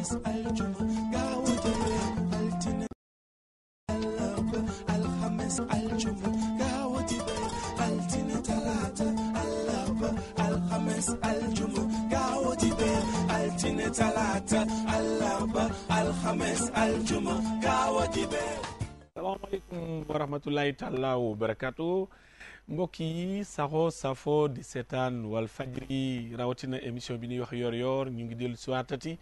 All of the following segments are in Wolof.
alxames aljuma gaaw a jële altine àllarba alxames aljuma gaaw a tibe altine talaata àllarba alxames aljuma gaaw a tibe altine talaata àllarba alxames aljuma gaaw a tibe salaamaaleykum wa rahmatulahi taala wa barakatu mbokk yi saxoo safoo di seetaan Walfadjri rawatina émission bi ñuy wax yor yor ñu ngi dellu si waatati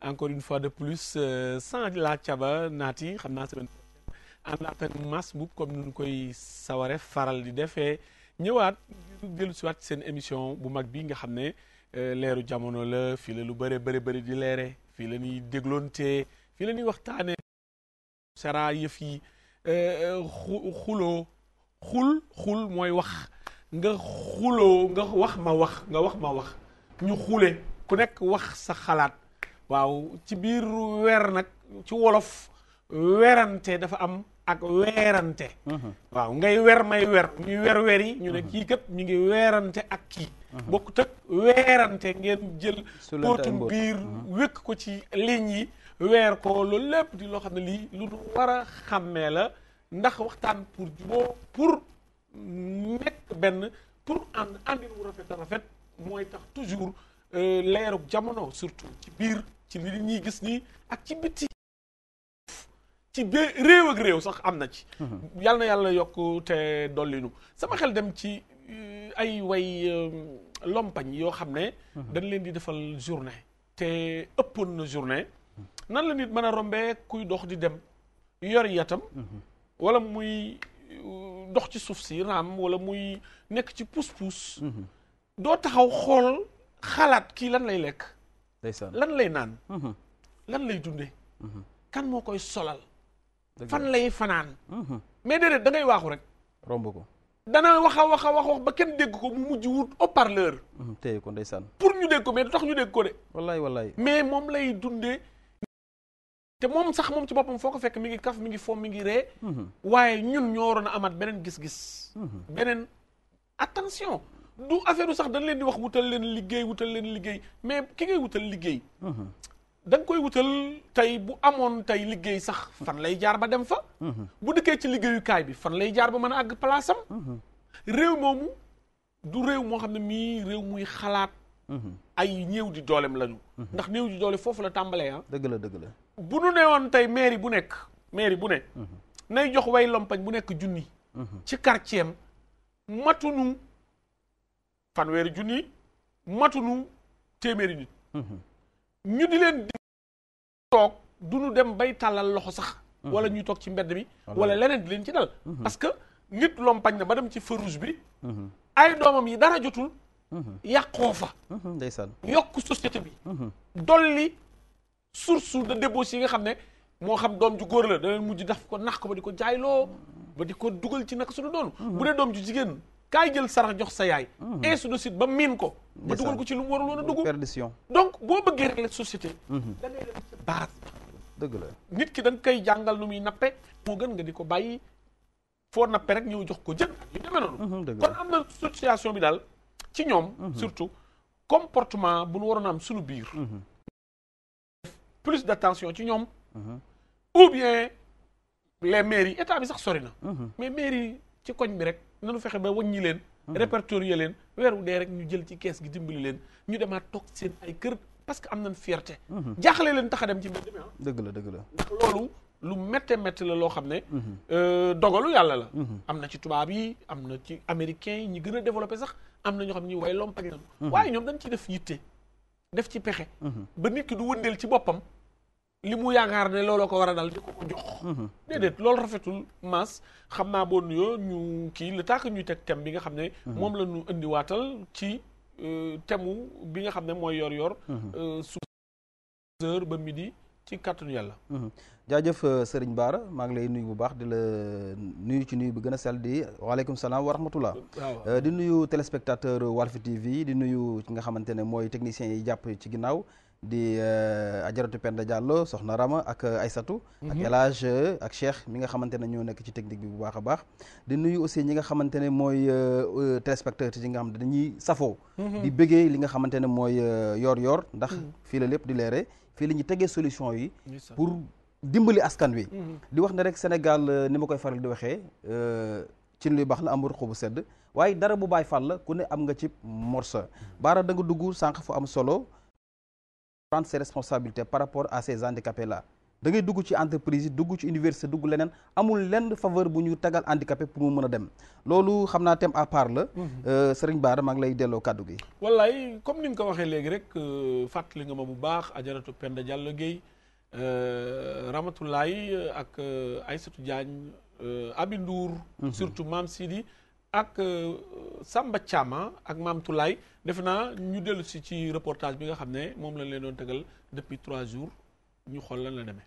encore une fois de plus euh, sans la caba naati xam naa semaine prochaine ànd ak Mass Mboup comme nun koy saware faral di defee ñëwaat dellu si waat seen émission bu mag bi nga xam ne euh, leeru jamono la fii la lu bëre bëri bëri di leere fii la ñuy dégloonte fii la ñuy waxtaane sara yëf yi euh, euh, xuloo xul xul mooy wax nga xuloo nga wax ma wax nga wax ma wax ñu xule ku nekk wax sa xalaat waaw ci biir weer nag ci wolof weerante dafa am ak weerante mhm. waaw ngay weer may weer ñuy weer weer yi ñu ne mhm. kii kat ñu ngi weerante ak kii mhm. bokkut ak weerante ngeen jël póotum biir wékk ko ci ligne yi weer ko loolu lépp di loo xam ne lii lu war a xàmmee la ndax waxtaan pour juboo pour nekk benn pour ànd àndin rafet a rafet mooy tax toujours euh, leerug jamono surtout ci biir ci li ñuy gis nii ak ci bitti ci ba réew réew sax am na ci mhm. yàlla na yàlla yokk te dollinu sama xel dem ci euh, ay way euh, lompañ yoo xam ne mhm. dañ leen di defal journée te ëppoon na journée mhm. nan la nit mën a rombee kuy dox di dem yor yatam wala muy euh, dox ci suuf si raam walla muy nekk ci puus-puus doo taxaw xool xalaat kii lan lay lekk ndeysaan lan lay naan mhm. lan lay dunde mhm. kan moo koy solal fan lay fanaan mhm. mais déedéet da ngay waaxu rek romb ko dana waxa waxa wax ba kenn dégg ko mu mujj wut haut-parleur téye ko ndeysaan pour ñu dégg ko mais du tax ñu dégg ko de wallaay wallaay mais moom lay dundee te moom sax moom ci boppam foo ko fekk mi ngi kaf mi ngi foom mi ngi ree waaye ñun ñoo waroon a amaat beneen gis-gis beneen attention du affaire sax dañ leen di wax wutal leen liggéey leen liggéey mais ki ngay wutal liggéey. Mhm. da koy wutal tey bu amoon tey liggéey sax fan lay jaar ba dem fa. Mhm. bu dëkkee ci liggéeyukaay bi fan lay jaar ba mën a àgg place mhm. réew moomu du réew moo xam ne mii réew muy xalaat. ay néew di dooleem lañu. ndax néew di doole foofu la tàmbalee ah. dëgg la dëgg la bu nu woon tey mairie bu nekk mairie bu ne. nay jox way lompañ bu nekk junni. ci quartier am matunu. fanweeri junni matunu téeméeri nit. Mhm. ñu di leen di toog du dem bay tàllal loxo sax. Mhm. wala ñuy toog ci mbedd mi. wala leneen di leen ci dal. Mhm. parce que nit lompañ na ba dem ci feu rouge bi. ay doomam yi dara jotul. yàqoo fa. ndeysaan yokk société bi. dolli source de débauche si nga xam ne moo xam doom ju góor la da leen mujj daf ko nax ko ba di ko jaayloo ba di ko dugal ci naka suñu doonu. bu dee doom ju jigéen kaay jël sarax jox sa yaay. Mhm. ainsi de suite ba miin ko. ba dugal ko ci lu mu warul woon a donc boo bëggee rek la société. Mhm. da ngay dem dëgg la nit ki da nga koy jàngal nu muy nappe moo gën nga di ko bàyyi foo nappe rek ñëw jox ko jën yu demee noonu. Mhm, kon am na sociation bi daal ci ñoom. surtout comportement bu nu waroon am suñu biir. plus d'attention ci ñoom. ou bien les mairies état bi sax sori na. mais mairie ci koñ bi rek nanu fexe ba waññi leen mhm. répertorier leen weeru dee rek ñu jël ci kees gi dimbali leen ñu demaat toog seen ay kër parce que am nañ fierté mhm. jaaxle leen tax dem ci mbedd mi ah. dëgg la dëgg la ndax loolu lu métte métte la loo xam ne mhm. euh, dogalu yàlla la am na ci tubaab yi am na ci américains yi ñi gën a développé sax am na ñoo xam ne ñu way lompañ waaye ñoom dañ ciy def yitte def ci pexe ba nit ki du wëndeel ci boppam li mu yaakaar ne looloo ko war a dal di ko ko jox. Mhm. déedéet loolu rafetul maas xam naa boo nuyoo ñu kii le temps que ñuy teg thème bi nga xam ne. Mhm. moom la ñu indiwaatal ci euh, thème bi nga xam ne mooy yor-yor. Mhm. Euh, su ba midi ci kàttanu yàlla. jaajëf euh, sëriñ baara maa ngi lay nuyu bu baax di la nuyu ci nuyu bi gën a sell di waaleykum salaam wa di nuyu téléspectateur Walf TV di nuyu ki nga xamante ne mooy technicien yi jàpp ci ginnaaw. di euh, ajaratu Penda Diallo soxna Rama ak Aysatu ak mhm. El ak Cheikh mi nga xamante ne ñoo nekk ci technique bi bu baax a baax di nuyu aussi ñi nga xamante ne mooy euh, euh, téléspectateur yi nga xam dañuy safoo mhm. di bëggee li nga xamante ne mooy yoor yoor ndax mhm. fii la lépp di leere fii la ñuy tegee solution yi pour dimbali askan wi di wax ne rek Sénégal ni ma koy faral di waxee cin luy baax la amul bu sedd waaye dara bu bàyyi fàll ku ne am nga ci morsa baara da nga dugg fu am solo prendre ses responsabilités par rapport à ces handicapés là da dugg ci entreprise yi dugg ci université dugg leneen amul lenn faveur bu ñu tagal handicapé pour mu mën a dem loolu xam naa thème à part la. Mhm. Euh, Serigne Bara maa ngi lay delloo kàddu gi. wallaay comme ni nga ko waxee léegi rek euh, fàttali nga ma bu baax Ajaratu Penda Diallo Guèye euh, Ramatoulaye ak Aïssatou Diagne Abi Ndour mhm. surtout Mame Sidi. ak euh, Samba Thiama ah, ak Maam Toulaye defe naa ñu dellu si ci reportage bi nga xam ne moom lañ leen doon tegal depuis trois jours ñu xool lan la demee.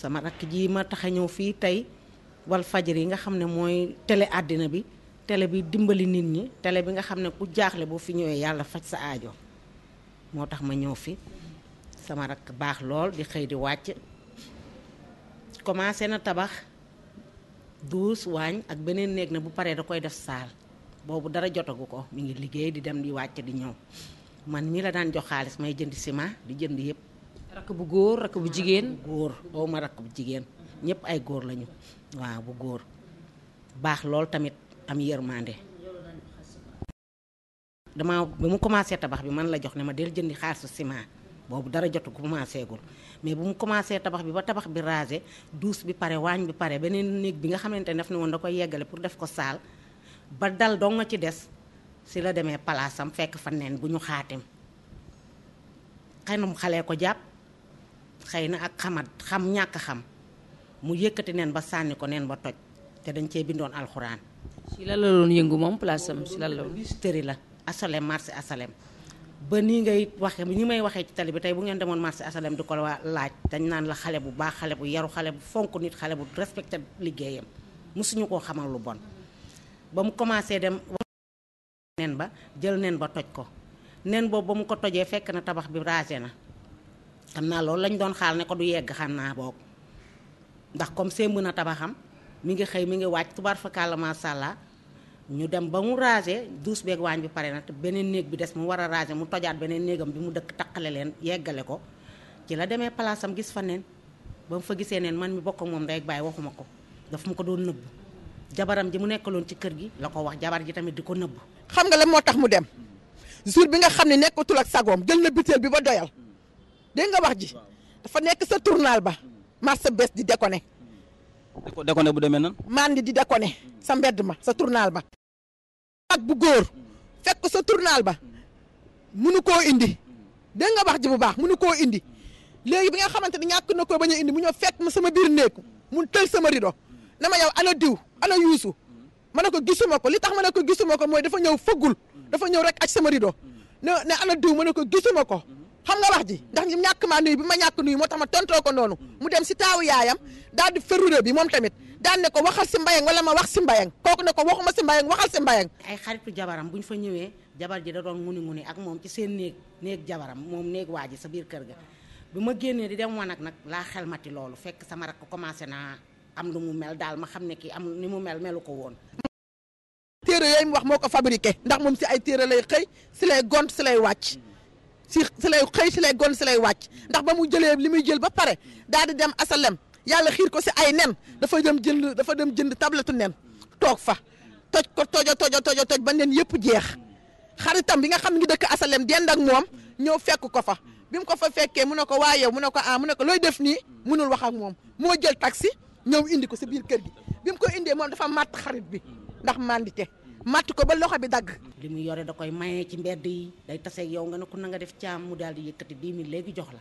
sama rakk ji ma tax ñëw fii tey wal fajri yi nga xam ne mooy tele àddina bi télé bi dimbali nit ñi tele bi nga xam ne ku jaaxle boo fi ñëwee yàlla faj sa aajo moo tax ma ñëw fi sama rakk baax lool di xëy di wàcc commencé na tabax douze waañ ak beneen néeg na bu paree da koy def saal boobu dara jotagu ko mu ngi liggéey di dem di wàcc di ñëw man mii la daan jox xaalis may jënd si ma di jënd yëpp. rakk bu góor rakk bu jigéen góor boobu ma rakk bu jigéen ñëpp ay góor lañu. waaw bu góor baax lool tamit am yërmande. dama bu mu commencé tabax bi man la jox ne ma del jëndi xaalisu ciment boobu dara jotu commencé gul mais bu mu commencé tabax bi ba tabax bi rasé douche bi pare waañ bi pare beneen néeg bi nga xamante ne daf ne woon da koy yeggale pour def ko saal ba dal doo nga ci des si la demee palaasam fekk fa neen bu ñu xaatim xëy na mu xalee ko jàpp xëy na ak xamat xam ñàkk xam mu yëkkati neen ba sànni ko neen ba toj te dañ cee bindoon alxuraan. si la la yëngu moom place am si la la. visiterie la asalem marché asalem ba nii ngay waxee waxe ni may waxee ci tali bi tey bu ngeen demoon marché asalem di ko la laaj dañ naan la xale bu baax xale bu yaru xale bu fonk nit xale bu respecté liggéeyam mosuñu koo xamal lu bon ba mu commencé dem. nen ba jël nen ba toj ko nen boobu ba mu ko tojee fekk na tabax bi raase na xam naa loolu lañ doon xaal ne ko du yegg xam naa boog ndax comme see mën a tabaxam mi ngi xëy mi ngi wàcc tubaar fa kàlla macha ñu dem ba mu raser douche beeg waañ bi pare na te beneen néeg bi des mu war a raser mu tojaat beneen néegam bi mu dëkk taqale leen yeggale ko ci la demee place am gis fa neen ba mu fa gisee neen man mi bokk moom rek bàyyi waxuma ko daf mu ko doon nëbb jabaram ji mu nekkaloon ci kër gi la ko wax jabar ji tamit di ko nëbbu xam nga la moo tax mu dem jour bi nga xam ne nekkatul ak sagoom jël na biteel bi ba doyal dégg nga wax ji dafa nekk sa tournal ba marché bés di déconné. déconné bu demee nan. mandi di déconné sa mbedd ma sa tournal ba. ak bu góor fekk sa tournal ba munu koo indi dégg nga wax ji bu baax munu koo indi léegi bi nga xamante ni ñàkk na ko bañ a indi mu ñëw fekk ma sama biir néeg mun tël sama rido na ma yow ana diw ana yuusu ma ne ko gisuma ko li tax ma ne ko gisuma ko mooy dafa ñëw fëggul dafa ñëw rek aj sama rido ne ne ana diw ma ne ko gisuma ko. xam nga wax ji ndax ñi ñàkk maa nuyu bi ma ñàkk nuyu moo tax ma tontoo ko noonu mu dem si taawu yaayam daal di ferure bi moom tamit daan ne ko waxal si mbayang wala ma wax si mbayang kooku ne ko waxuma si mbayang waxal si mbayang ay xaritu jabaram bu ñu fa ñëwee jabar ji da doon nguni nguni ak moom ci seen néeg néeg jabaram moom néeg waa ji sa biir kër ga bu ma génnee di dem wan ak nag laa xelmati loolu fekk sama rakk commencé naa am lu mu mel daal ma xam ne kii am ni mu mel melu ko woon téere yooyu mu wax moo ko ndax moom si ay téere lay xëy si lay gont si lay wàcc si si lay xëy si lay gon si lay wàcc ndax ba mu jëlee li muy jël ba pare daal di dem asalem yàlla xiir ko si ay nen dafa dem jënd dafa dem jënd tabletu nen toog fa toj ko tojo tojo tojo toj ba nen yëpp jeex xaritam bi nga xam ngi dëkk asalem dend ak moom ñëw fekk ko fa bi mu ko fa fekkee mu ne ko waaye mu ne ko ah mu ne ko looy def nii mënul wax ak moom moo jël taxi ñëw indi ko si biir kër gi bi mu ko indee moom dafa màtt xarit bi ndax mandité matt ko ba loxo bi dagg li muy yore da koy maye ci mbedd yi day taseeg yow nga ne ko na nga def caam mu daal di yëkkati 10 000 léegi jox la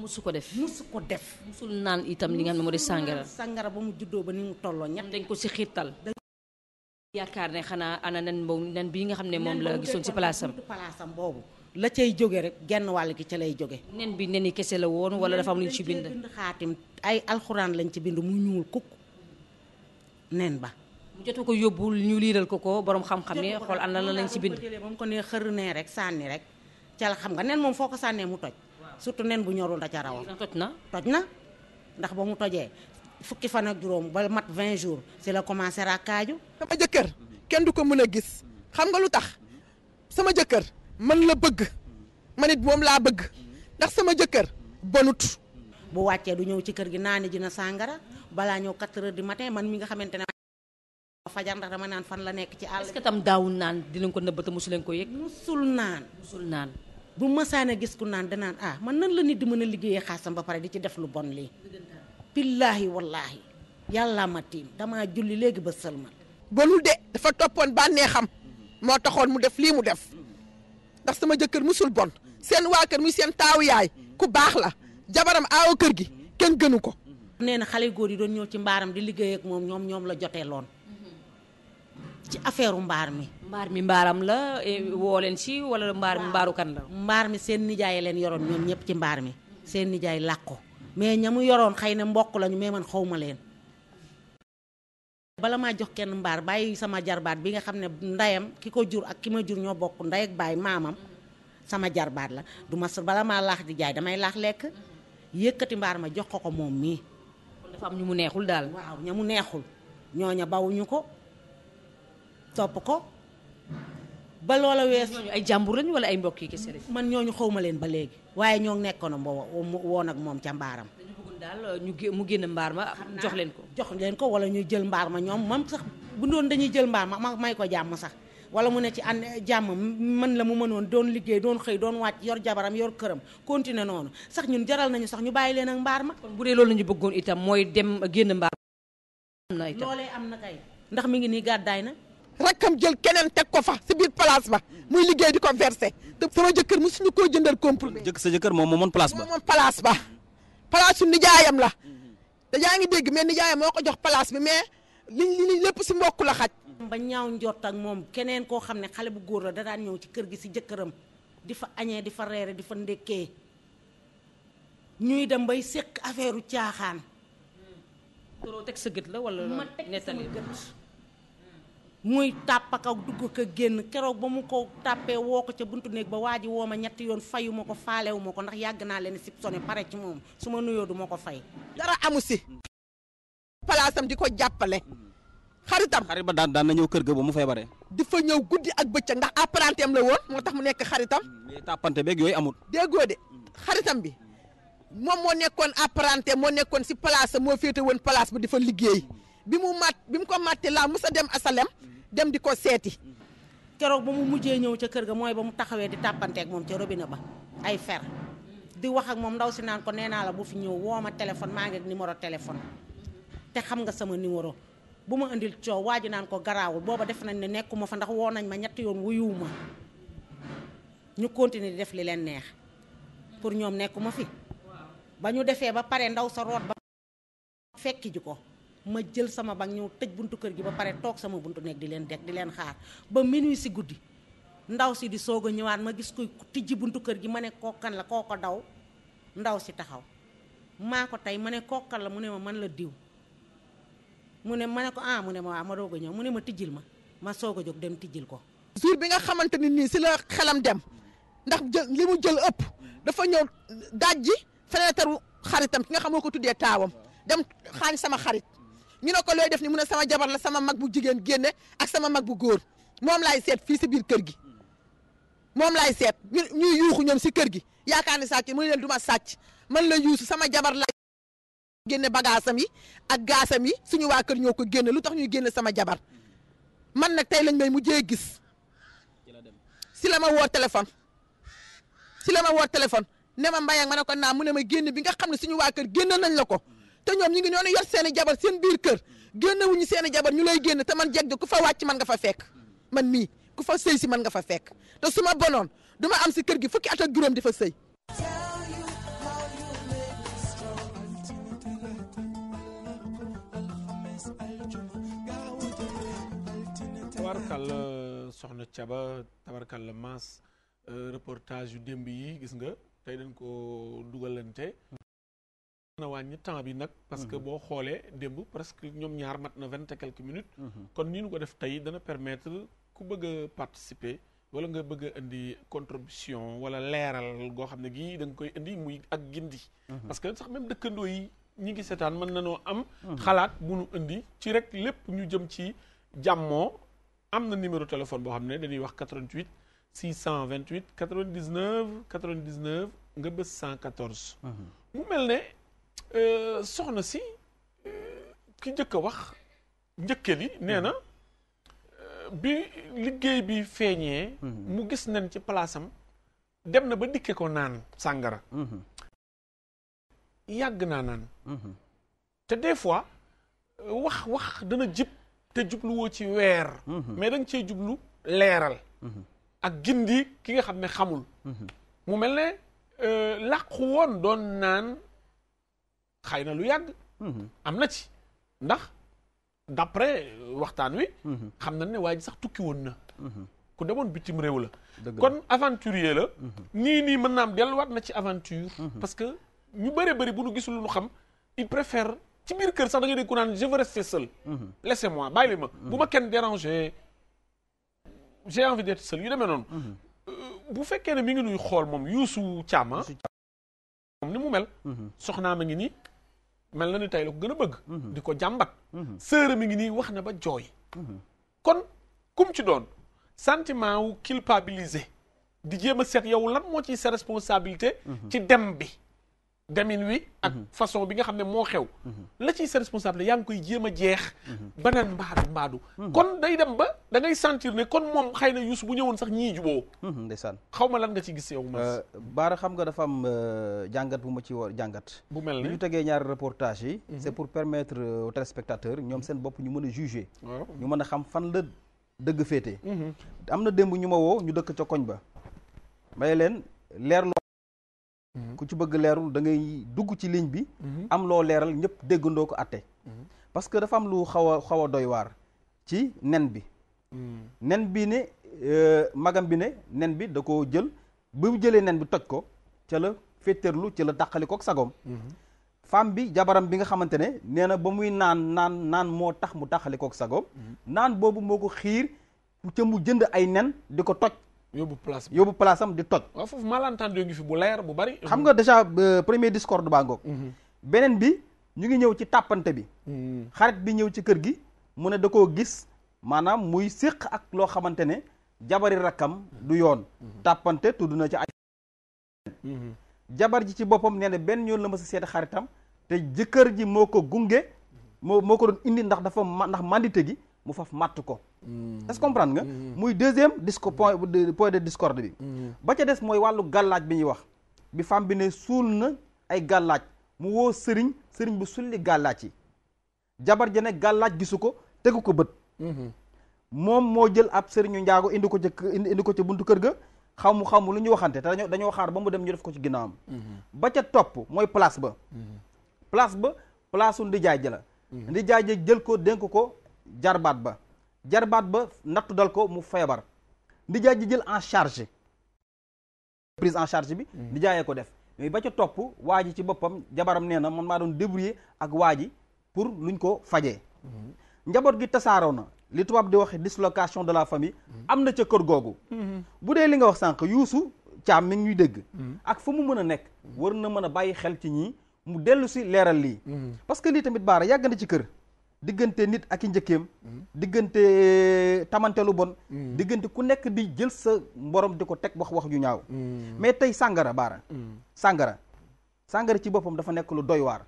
musu ko def musu ko def musul naan itam li nga xam ne moo di sàngara sàngara ba mu juddoo ba mu tolloo ñett dañ ko si xiirtal ne xanaa ana nen boobu nen bi nga xam ne moom la gisoon si palaasam palaasam boobu la cay jóge rek genn wàll gi ca lay jóge nen bi nen yi kese la woon wala dafa am lu ñu ci bind xaatim ay alxuraan lañ ci bind mu ñuul kukk nen ba mu jotu ko yóbbul ñu liiral ko ko boroom xam-xam ne xool na la lañ si bind moom ko ne xër nee rek sànni rek ca la xam nga nen moom foo ko sànnee mu toj surtout nen bu ñorul da ca rawam toj na toj na ndax ba mu tojee fukki fan ak juróom ba mat 20 jours si la commencé rakkaaju sama jëkkër kenn du ko mën a gis xam nga lu tax sama jëkkër man la bëgg man it moom laa bëgg ndax sama jëkkër bonut bu wàccee du ñëw ci kër gi naani ji na sàngara balaa ñëw 4 heures du matin man fajar ndax dama naan fan la nekk ci àll. est-ce tam daawul naan dinañ ko nëbbata mosu leen ko yëg. musul naan musul naan. bu masaan a gis ku naan danaan ah man nan la nit di mën a liggéeyee xaasam ba pare di ci def lu bon lii. billaahi wallaahi yàlla ma tiim damaa julli léegi ba ma bonul de dafa toppoon bànneexam moo taxoon mu def lii mu def ndax sama jëkkër musul bon seen waa kër muy seen taawu yaay ku baax la jabaram aawa kër gi kenn gënu ko. nee na xale góor yi doon ñëw ci mbaaram di liggéey moom ñoom ñoom la jotee loon ci affaire mbaar mi. mbaar mi mbaaram la e, woo leen si wala mbaar mi mbaaru kan la. mbaar mi seen nijaay leen yoroon ñoom ñëpp ci mbaar mi seen nijaay làq ko mais ña mu yoroon xëy na mbokk lañu mais xaw ma leen. bala maa jox kenn mbaar bàyyi sama jarbaat bi nga xam ne ndeyam ki ko jur ak ki ma jur ñoo bokk ndey baay maamam sama jarbaat la du ma bala maa laax di jaay damay laax lekk yëkkati mbaar ma jox ko ko moom mii. dafa mu neexul daal. waaw ña mu neexul ñooña bawuñu ko topp ko ba loola weesu. ñooñu ay jàmbur lañu wala ay mbokk yi kese man ñooñu xaw ma leen ba léegi waaye ñoo nekkoon mbo woon ak moom ca mbaaram. daal euh, ñu mu génn mbaar ma jox leen ko. jox leen ko wala ñuy jël mbaar ma ñoom moom sax bu doon dañuy jël mbaar ma may ko jàmm sax wala mu ne ci ànd jàmm man la mu mën mënoon doon liggéey doon xëy doon wàcc yor jabaram yor këram continué noonu sax ñun jaral nañu sax ñu bàyyi leen ak mbaar ma. kon bu dee loolu la ñu bëggoon itam mooy dem génn mbaar. am am na kay ndax mi ngi nii gàddaay na am jël keneen teg ko fa si biir place ba muy liggéey di ko versé te sama jëkkër mu suñu koo jëndal comprimé. jëkk sa jëkkër moom moomoon place ba. moomoon place ba place su nijaayam la te yaa ngi dégg mais nijaayam moo ko jox place bi mais li li lépp si mbokk la xaj. ba ñaaw njort ak moom keneen koo xam ne xale bu góor la da daan ñëw ci kër gi si jëkkëram di fa añee di fa reere di fa ndekkee ñuy dem bay séq affaire u caaxaan. toroo teg sa gët la wala. ma teg sa gët muy tàpp ak dugg ko génn keroog ba mu ko tàppee woo ko ca buntu néeg ba waa ji woo ma ñetti yoon fayu ko faalewu ko ndax yàgg naa leen sib sone pare ci moom su ma nuyoo du ma ko fay dara amu si palaasam di ko jàppale xaritam xarit ba daan daan na ñëw kër ga ba mu di fa ñëw guddi ak bëccëg ndax apparenteem la woon moo tax mu nekk xaritam mm, mais tàppante beeg yooyu amul déggoo de xaritam bi moom moo nekkoon apparenté moo nekkoon si place moo féete woon place ba di liggéey bi mu mat bi mu ko màtte laa mës a dem asalem dem di ko seeti keroog ba mu mujjee ñëw ca kër ga mooy ba mu taxawee di tàppanteeg moom ca robinet ba ay fer di wax ak moom ndaw si naan ko nee naa la bu fi ñëw woo ma téléphone maa ngi ak numéro téléphone te xam nga sama numéro bu ma indil coow waa ji naan ko garaawul booba def nañ ne nekkuma fa ndax woo nañ ma ñett yoon wuyuwu ma ñu continuer di def li leen neex pour ñoom nekkuma fi ba ñu defee ba pare ndaw sa root ba ko ma jël sama bag ñëw tëj buntu kër gi ba pare toog sama buntu nekk di leen deg di leen xaar ba minuit si guddi ndaw si di soog a ñëwaat ma gis ko tijji buntu kër gi ma ne kookan la koo ko daw ndaw si taxaw maa ko tey ma ne kookan la mu ne ma man la diw mu ne ma ne ko ah mu ne ma waaw ma doog a ñëw mu ne ma tijjil ma ma soog a jóg dem tijjil ko jour bi nga xamante ni nii si la xelam dem ndax jël li mu jël ëpp dafa ñëw dajji fenêtre xaritam ki nga xam ko tuddee taawam dem xaañ sama xarit ñu ne ko looy def ni mu ne sama jabar la sama mag bu jigéen génne ak sama mag bu góor moom laay seet fii si biir kër gi moom laay seet ñu ñuy yuuxu ñoom si kër gi yaakaar ni sàcc mu ne leen du ma sàcc man la yuusu sama jabar la génne bagaasam yi ak gaasam yi suñu waa kër ñoo ko génne lu tax ñuy génne sama jabar man nag tey lañ may mu mujjee gis si la ma woo téléphone si la ma woo téléphone ne ma mbay ak ma ko naa mu ne ma génn bi nga xam ne suñu waa kër génne nañ la ko te ñoom ñu ngi noonu yor seen biir kër génnewuñu seen i jabar ñu lay génn te man jeg de ku man nga fa fekk man mii ku fa sëy si man nga fa fekk te su ma bonoon am si kër gi fukki at ak juróom di fa euh, soxna Thiaba tabarkalla Mass euh, reportage yu démb yi gis nga tey dañ ko dugalante na wàññi temps bi nag parce que mhm. boo xoolee démb presque ñoom ñaar mat na vingt et quelques minutes mhm. kon ni nu ko def tey dana permettre ku bëgg a participer wala nga bëgg indi contribution wala leeral goo xam ne gii da koy indi muy ak gindi mhm. parce que sax même dëkkandoo yi ñu ngi seetaan mën na nanoo am xalaat bu nu indi ci rek lépp ñu jëm ci jàmmoo am na numéro téléphone boo xam ne dañuy wax 88 628 99 99 nga bës 114 mu mel ne Euh, soxna si euh, ki njëkk a wax njëkkali nee na euh, bi liggéey bi feeñee mhm. mu gis nañ ci palaasam dem na ba dikke ko naan sàngara mhm. yàgg naa naan mhm. te des fois wax wax dana jib te jubluwoo ci weer mais da nga cee jublu leeral ak gindi ki nga xam ne xamul mu mel ne làqu woon doon naan xëy na lu yàgg. Mhm. am na ci ndax d'après waxtaan wi. Mhm. xam nañ ne waa ji sax tukki woon na. Mhm. ku demoon bitim réew la. kon aventurier la. nii nii mën naa am wat na ci aventure. parce que ñu bëree bëri bu nu gisul lu nu xam il préfère ci biir kër sax da nga dégg ku naan je veux rester seul. laissez-moi bàyyi li ma. bu ma kenn déranger j'ai envie d'être seul yu demee noonu. Euh, bu fekkee ne mi ngi nuy xool moom Youssou Thiam moom ni mu mel. soxnaa ma ngi nii. mel na ni tey la ko gën a bëgg mhm. di ko jàmbat sëram mhm. mi ngi nii wax na ba jooy mhm. kon kum ci doon santiment wu culpabilisé di jéem a set yow lan moo ciy sa responsabilité ci dem bi gamin wi ak mhm. façon bi nga xam ne moo xew mhm. la ciy sa responsable yaa ngi koy jéem a jeex mhm. banaan mbaadu mbaadu kon day dem ba da ngay sentir ne kon moom xëy na Youssou bu ñëwoon sax ñii juboo ndeysaan xaw ma lan nga ci gis yow mas euh, baara xam nga dafa am euh, jàngat bu ma ci war jàngat bu mel ne ñu tegee ñaari reportage yi c'est pour permettre euh, aux téléspectateurs ñoom seen bopp ñu mën a juger ñu mën a xam fan la dëgg féete am na démb ñu ma woo ñu dëkk ca koñ ba may leen leer Mhm. ku ci bëgg leerul da ngay dugg ci ligne bi. Mhm. am loo leeral ñëpp déggandoo ko àtte. Mhm. parce que dafa am lu xaw a xaw a doy waar ci nen bi. nen bi ne euh, magam bi ne nen bi da koo jël bi mu jëlee nen bi toj ko ca la féeterlu ca la dàqali ko ak sagoom. femme bi jabaram bi nga xamante ne nee na ba muy naan naan naan moo tax mu taxali kook sagoom naan boobu moo ko xiir ca mu jënd ay nen di ko toj yóbbu place yóbbu place di toj. waaw foofu malentendu ngi fi bu leer bu bari. xam nga déjà euh, premier discorde baa ngoog. Mhm. beneen bi ñu ngi ñëw ci tàppante bi. Mhm. xarit bi ñëw ci kër gi mu ne da koo gis maanaam muy séq ak loo xamante ne jabari rakkam du yoon. Mhm. tàppante tudd na ci ay. jabar ji ci boppam nee na benn yoon la ma si seeti xaritam te jëkkër ji moo ko gunge moo moo ko doon indi ndax dafa ndax màndite gi mu faf màtt ko Mm. est-ce comprendre nga. Mm. muy deuxième disco point point de discorde bi. Mm. ba ca des mooy wàllu gàllaaj bi ñuy wax bi femme bi ne suul na ay gàllaaj mu woo sëriñ sëriñ bu sulli gàllaaj yi jabar ja ne gàllaaj gisu ko tegu ko bët. Mm-hmm. moom moo jël ab sëriñu njaago indi ko ca indi ko ca buntu kër ga xamu xamu lu ñu waxante te dañoo dañoo xaar ba mu dem ñu def ko ci ginnaawam. Mm-hmm. ba ca topp mooy place ba. Mm-hmm. place ba place su ndijaay ja la. ndijaay ja jël ko dénk ko jarbaat ba. jarbaat ba nattu dal ko mu feebar ndijaay ji jël en charge prise en charge bi hmm. ndijaayee ko def mais ba ca topp waa ji ci boppam jabaram nee na man maa doon débrouiller ak waa ji pour luñ ko fajee hmm. njaboot gi tasaaroo na li tubaab di waxe dislocation de la famille hmm. am na ca kër googu bu dee li nga wax sànq yuusu caam mi ngi ñuy dégg ak fu mu mën a nekk war na mën a bàyyi xel ci ñii mu dellu si leeral lii parce que lii tamit baara yàgg na ci kër diggante nit ak i njëkkeem hmm. diggante eh, tamante lu bon hmm. diggante ku nekk di jël sa mborom di ko teg wax wax ju ñaaw hmm. mais tey sàngara baara sàngara sàngara ci boppam dafa nekk lu doy waar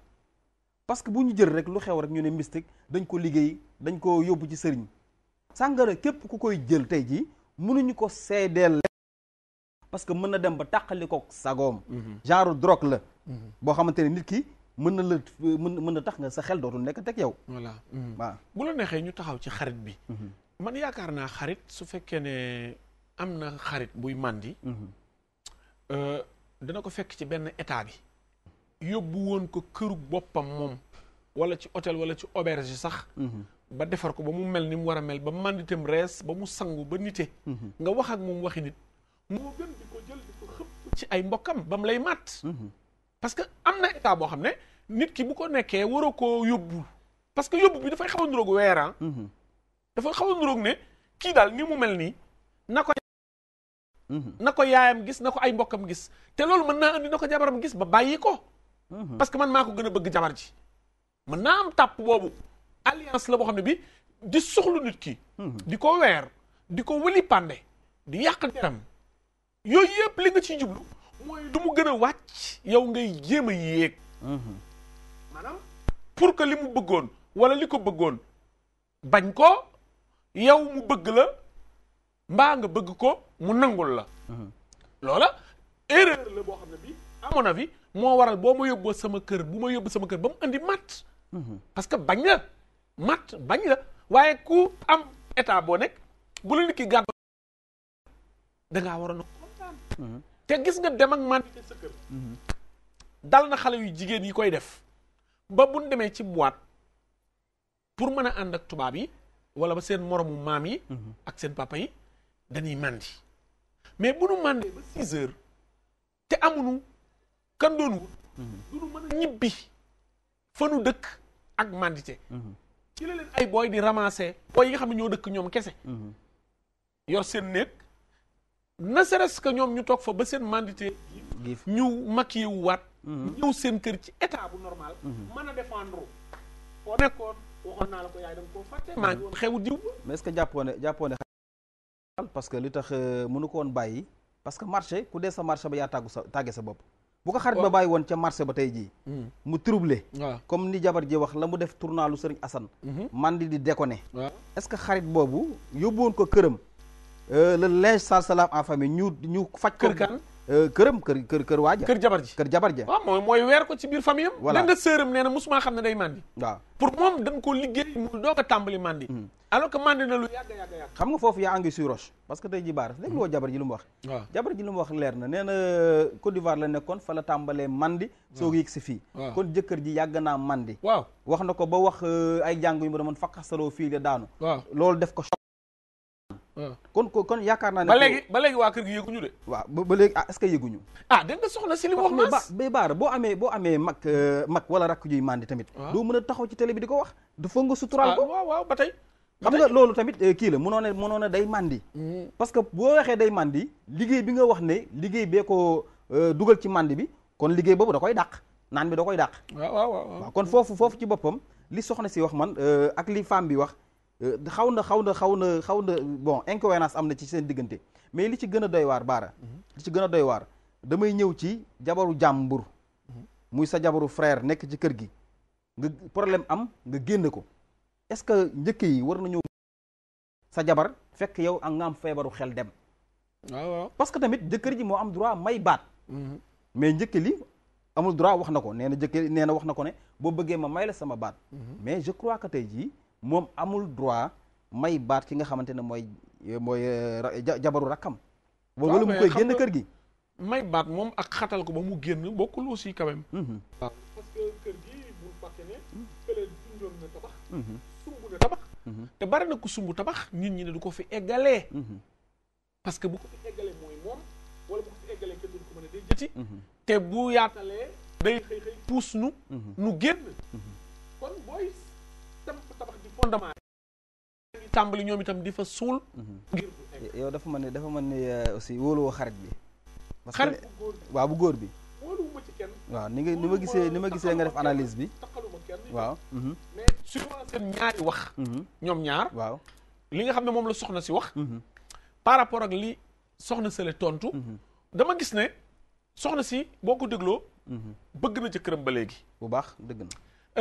parce que bu ñu jël rek lu xew rek ñu ne mystique dañ ko liggéey dañ ko yóbbu ci sëriñ sàngara képp ku koy jël tey jii mënuñu ko seedeel parce que mën na dem ba tàqali ko sagoom genre drogue la boo xamante ne nit ki mën na la mën na tax nga sa xel dootul nekk teg yow. voilà hmm. Hmm. waaw bu la neexee ñu taxaw ci xarit bi. Hmm. man yaakaar naa xarit su fekkee ne am na xarit buy màndi. Euh, dana ko fekk ci benn état bi. yóbbu woon ko këru boppam moom. wala ci hôtel wala ci auberge sax. ba defar ko ba mu mel ni mu war a mel ba mànditam rees ba mu sangu ba nite. nga wax ak moom waxi nit. moo gën di ko jël di ko xëpp ci ay mbokkam ba mu lay maat. parce que am na état boo xam ne nit ki bu ko nekkee waroo ko yóbbu parce que yóbbu bi dafay xaw a nuróog weeran ah. mhm. dafa xaw a nuróog ne kii daal ni mu mel nii na ko mhm. na ko yaayam gis na ko ay mbokkam gis te loolu mën naa am andi na ko jabaram gis ba bàyyi ko mhm. parce que man maa ko gën a bëgg jabar ji mën naa am tapp boobu alliance la boo xam ne bi di soxlu nit ki di ko weer di ko wëli pande di yàq deram yooyu yëpp li nga ciy jublu mooy du mu gën a wàcc yow ngay jéem a yéeg que li mu bëggoon wala li ko bëggoon bañ ko yow mu bëgg la mbaa nga bëgg ko mu nangul la loola erreur la boo xam ne bii à mon avis moo waral boo ma yóbboo sama kër bu ma yóbbu sama kër ba mu andi matt parce que bañ la matt bañ la waaye ku am état boo nekk bu la nit ki te gis nga dem ak dal na xale yu jigéen yi koy def ba buñ demee ci boîte pour mën a ànd ak tubaab yi wala ba seen moromu maam yi mhm. ak seen papa yi dañuy màndi mais bu nu màndee te amuñu kan doon wut mhm. du nu mën ñibbi fa dëkk ak màndite mhm. ci la ay booy di ramasser booy yi nga xam ne ñoo dëkk ñoom kese yor seen néeg ne serait que ñoom ñu toog fa ba seen mandité ñu maquillé wu waat mhm. ñëw seen kër ci état bu normal mhm. mën a défendre foo nekkoon naa la ko yaay da mhm. maa ngi xewu diw mais est que jàppoo ne jàppoo ne parce que li tax euh, mënu ko woon bàyyi parce que marché ku dee sa marché ba yaa tàgg sa tàgge sa bopp bu ko xarit ba bàyyi woon ca marché ba tey jii mu troublé comme ni jabar ji wax la mu def tournalu Serigne Assane man di di déconné est-ce que xarit boobu yóbbu woon ko këram Euh, le linge sale salaam en famille ñu ñu faj ko euh, këram kër kër kër waaja kër jabar ji kër jabar ja waaw mooy weer ko ci biir famille am voilà da sëram nee na xam ne day mandi waaw pour moom dañ ko liggéey mu doog a tàmbali mandi hmm. alors que mandi lu yàgg xam nga foofu yaa ngi sur roche parce que tey ji baar léegi loo jabar ji lu mu wax waaw jabar ji lu mu leer na nee na euh, Côte d'Ivoire la nekkoon fa la tàmbalee mandi soo hmm. yëg si fii kon jëkkër ji yàgg naa mandi waaw wax na ko ba wax ay jàng yu mu demoon fakkasaloo fii la daanu loolu def ko Ah. kon kon yaakaar naa ne. ba léegi ba léegi waa kër gi yëguñu de. waaw ba léegi ah est-ce que yëguñu. ah dégg soxna si li mu wax maas. ba baara boo amee boo amee mag euh, mag wala rakk juy màndi tamit. Ah. doo mën a taxaw ci tele bi di ko wax. dafa nga suturaal ah, ko waaw waaw ba tey. nga loolu tamit euh, kii la mënoon a mënoon a day màndi. Hmm. parce que boo waxee day màndi liggéey bi nga wax ne liggéey bee ko euh, dugal ci màndi bi kon liggéey boobu da koy dàq naan bi da koy dàq. waaw waaw waaw kon foofu foofu ci boppam li soxna si wax man ak li femme bi wax Euh, xaw na xaw na xaw na xaw na bon incohérence am na ci seen diggante mais li ci gën a doy waar baara li ci gën a doy waar damay ñëw ci jabaru jàmbur muy sa jabaru frère nekk ci kër gi nga problème am nga génn ko est-ce que njëkk yi war nañoo sa jabar fekk yow ak nga am feebaru xel dem waaw parce que tamit jëkkër ji moo am droit may baat mhm. mais njëkk li amul droit wax na ko nee na jëkkër nee na wax na ko ne boo bëggee ma may la sama baat mhm. mais je crois que tey jii moom amul droit may baat ki nga xamante ne mooy mooy eh, jabaru rakkam wala mu koy génn kër gi may baat moom ak xatal ko ba mu génn bokkul aussi si même waaw mm-hmm. mm-hmm. mm-hmm. te bari na ku sumb tabax nit ñi ne du ko fi eggalee parce que bu ko fi eggalee mooy moom wala bu fi eggalee kenn du ko mën day jëti te bu yaatalee day puus nu nu génn fondement ñu tàmbali ñoom itam di fa suul mm-hmm. yow dafa mën ni dafa mën ni euh, aussi wóoluwoo xarit bi parce que waaw bu góor bi waaw ni nga ni ma gisee ni ma gisee nga def analyse bi taqaluma waaw mm-hmm. mais souvent ñaari wax mm-hmm. ñoom ñaar waaw li nga xam ne moom la soxna si wax par rapport ak li soxna sële tontu dama gis ne soxna si boo ko dégloo bëgg na jëkkëram ba léegi bu baax dëgg na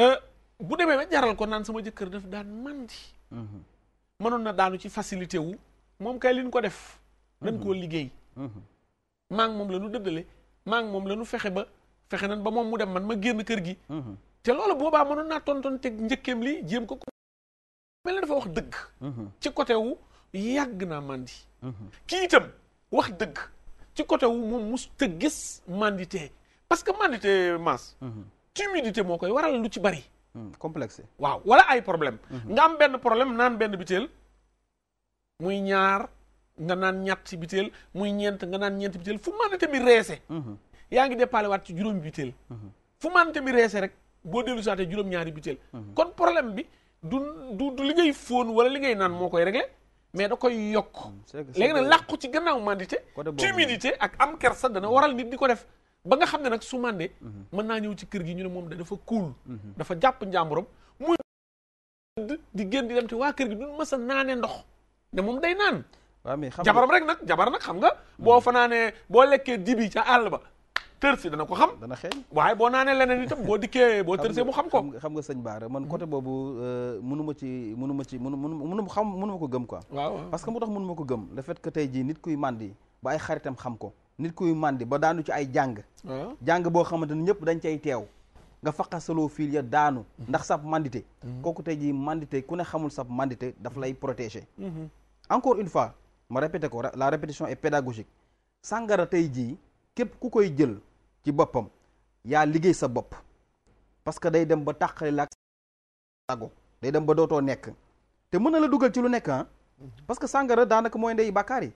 euh, bu demee ba jaral ko naan sama jëkkër daf daan mandi mhm. mënoon na daanu ci facilité wu moom kay li ko def dañ mhm. koo liggéey mhm. maa moom la ñu dëddale maa moom la ñu fexe ba fexe nan ba moom mu dem man ma génn kër gi te loolu boobaa mënoon naa tonton teg njëkkeem li jéem ko mel na dafa wax dëgg ci côté wu yàgg naa mandi kii itam wax dëgg ci côté wu moom mus te gis mandité parce que mandité maas timidité moo koy waral lu ci bari Hmm, complexe waaw wala ay problème hmm. nga am benn problème naan benn biteel muy ñaar nga naan ñett ci biteel muy ñeent nga naan ñeent biteel fu mën tamit reese hmm. yaa ngi dépaale waat ci juróom biteel fu mën tamit reese rek boo dellu saatee juróom-ñaari biteel kon problème bi du du du li ngay fóon wala li ngay naan moo koy réglé mais da koy yokk léegi nag làqu ci gannaaw mandité timidité ak am kersa dana waral nit di ko def ba nga xam ne nag su màndee mhm. mën naa ñëw ci kër gi ñu ne moom da dafa kuul mhm. dafa jàpp njàmburam muy di génn di dem waa kër gi duñ mës a naanee ndox ne moom day naan waaw mais xam jabaram rek nag jabar nag xam nga boo mhm. fa naanee boo lekkee dibi ca àll ba tër si dana ko xam dana xeeñ waaye boo naanee leneen itam boo dikkee boo tërsee mu xam ko xam nga sëñ Baara man côté boobu euh, munu ma ci munu ma ci munu munu xam munu ko gëm ko waaw parce que mu tax munu ma ko gëm le fait que tey jii nit kuy màndi ba ay xaritam xam ko nit kuy màndi ba daanu ci ay jàng ah. jàng boo xamante ni ñëpp dañ cay teew nga faqasaloo fiil ya daanu mm-hmm. ndax sab mandité mm-hmm. kooku tey ji mandité ku ne xamul sab mandité daf lay protéger mm-hmm. encore une fois ma répété ko la répétition est pédagogique sàngara tey jii képp ku koy jël ci boppam yaa liggéey sa bopp parce que day dem ba tàqali laak sago day dem ba dootoo nekk te mën na la dugal ci lu nekk ah parce que sàngara daanaka mooy ndey bàkkaar yi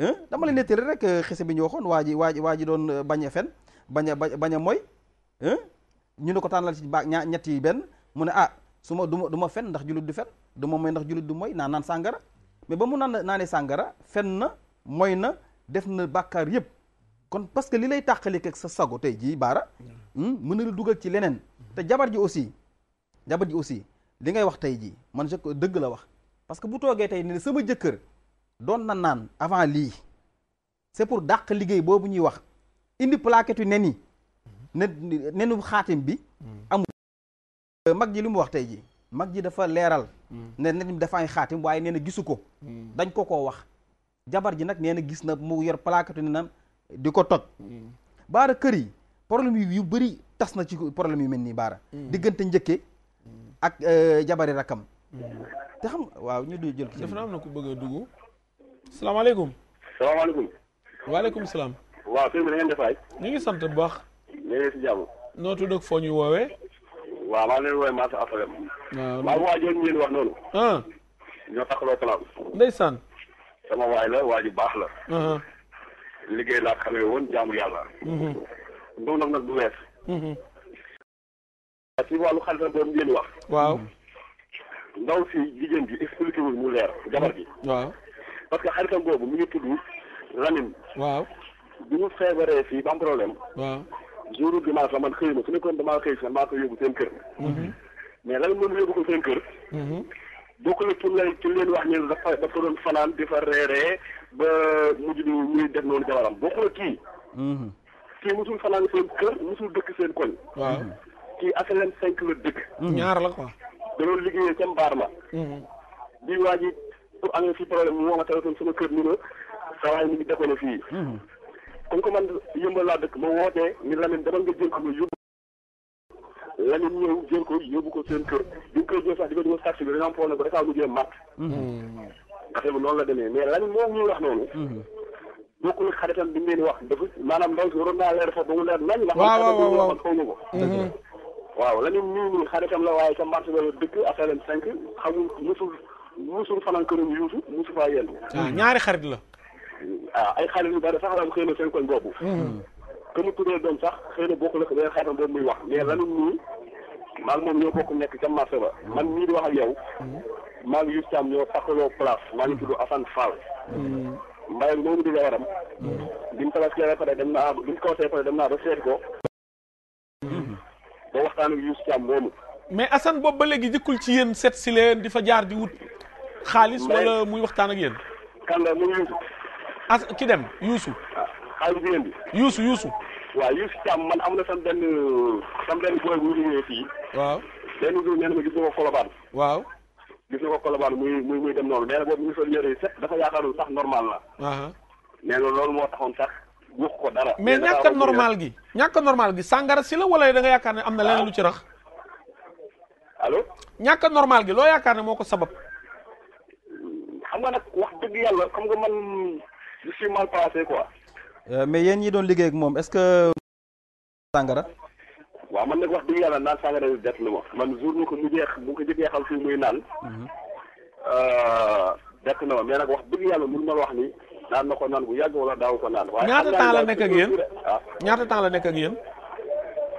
dama la nettali rek euh, xise bi ñu waxoon waa ji waa ji waa ji doon euh, bañ fen bañ a bañ a mooy ñu ne ko tànnal ci baa ñaa ñetti benn mu ne ah su ma du ma du ma fen ndax julit du fen du ma mooy ndax julit du mooy naa naan sàngara mais ba mu naan naanee sàngara fen na mooy na def na bàkkaar yëpp kon parce que li lay tàqalik ak sa sago tey jii baara hmm, mën na la dugal ci leneen te jabar ji aussi jabar ji aussi li ngay wax tey jii man je dëgg la wax parce que bu toogee tey ne sama jëkkër doon na naan avant lii c'est pour dàq liggéey boobu ñuy wax indi plaquette yu nen yi ne nenu xaatim bi mm. amul euh, mag ji li mu wax tey ji mag ji dafa leeral mm. ne nen dafay xaatim waaye nee na gisu ko mm. dañ ko koo wax jabar ji nag nee na gis na mu yor plaquette yu nenam di ko toj baara kër yi problème yu bëri tas na ci problème yu mel nii baara diggante njëkke ak euh, jabari rakam te xam waaw ñu du jël ki def na am na ku bëgg a dugg salaamaaleykum. salaamaaleykum. waaleykum salaam. waaw sëñ bi na ngeen def waay. ñu ngi sant bu baax. léegi si jàmm. noo tudd ak foo ñu woowee. waaw maa ngi leen woowee Massa Afalem. waaw maa waa jooju ngeen wax noonu. Ah. ñoo taxaloo Kalaam. ndeysaan. sama waay la waa baax la. Ah. liggéey laa xamee woon jaamu yàlla. moom mhm. nag nag du wees. ci mhm. wàllu xalifa boobu ngeen wax. waaw. ndaw si jigéen bi expliqué wul mu leer jabar bi. waaw. parce que xaritam boobu mi ngi tudd Lamine. waaw bi mu feebaree fii ba problème. waaw jour bi la man xëy ma su nekkoon damaa xëy si maa ko yóbbu seen kër. Mhm. mais lan moom yóbbu ko seen kër. Mhm. bokkul ci lay ci leen wax ne dafa dafa doon di fa reeree ba mujj bi muy def noonu jabaram bokkul kii. Mhm. kii musul fanaan seen kër musul dëkk seen koñ. waaw kii asalaam cinq la dëkk. ñaar la quoi. da doon ca mbaar ma. di waa ji bu amee fii problème mu woo ma téléphone kër ni ma saa waay mi ngi déggoo fii. Hmm. comme que man yëmbal laa dëkk ma wootee ni Lamine dama nga jël ko nga yóbbu. ko yóbbu ko seen kër bi ñu jël sax di ko dugal sax si bi dañoo am problème ba dafa mujjee màtt. affaire bi noonu la demee mais Lamine moom ñuy wax noonu. Hmm. bokkul ak xaritam bi ngeen wax dafa maanaam ndaw si waroon naa leer foofu ba mu leer nañ. waaw waaw waaw nii nii la waaye ca marché ba la dëkk affaire am cinq xamul musul fanaan këram yuusu musu faa yendu. Ah, ñaari xarit la. ah ay xarit yu bari sax daal xëy na seen koñ boobu. que hmm. mu doom sax xëy na bokk la ko beneen xaritam boobu muy wax mais lanu nii maa moom ñoo bokk nekk ca marché ba hmm. man mii di wax ak yow. Hmm. maa ngi Youssou Thiam ñoo takkaloo place maa ngi tudd Assane Fall. Mbaye moomu di jabaram. bi mu tabaskee ba pare dem naa bi mu kawtee dem naa ba seet ko. ba waxtaan ak Youssou Thiam moomu. mais Assane boobu ba léegi jëkkul ci yéen seet si leen di fa jaar di xaalis wala muy waxtaan ak yéen. kan la muy as ki dem Youssou. Ah, xaalis bi waaw Youssou Thiam man am na sam benn sam benn booy bu ñu fii. waaw benn jour nee na ma gis waaw. muy muy muy dem noonu nee na boobu ñu sol yére la. nee na loolu moo taxoon sax wax ko dara. mais ñàkk normal gi. ñàkk normal gi sàngara si la wala da nga yaakaar ne am na leneen ah. lu ci rax. allo. ñàkk normal gi loo yaakaar ne moo ko sabab. xam nga nag wax dëgg yàlla xam nga man je suis mal placé quoi. Euh, mais yéen ñi doon liggéey moom est-ce que. sàngara. waaw man nag wax dëgg yàlla naan sàngara bi bett na ma man jour bu ko mujjee bu ko jëkkee xam fi muy naan. Mhm. Euh, bett na ma mais nag wax dëgg yàlla mun ma wax ni naan na ko naan bu yàgg wala daaw ko naan. waaye ñaata temps la nekk ak yéen ah. ñaata temps la nekk ak yéen.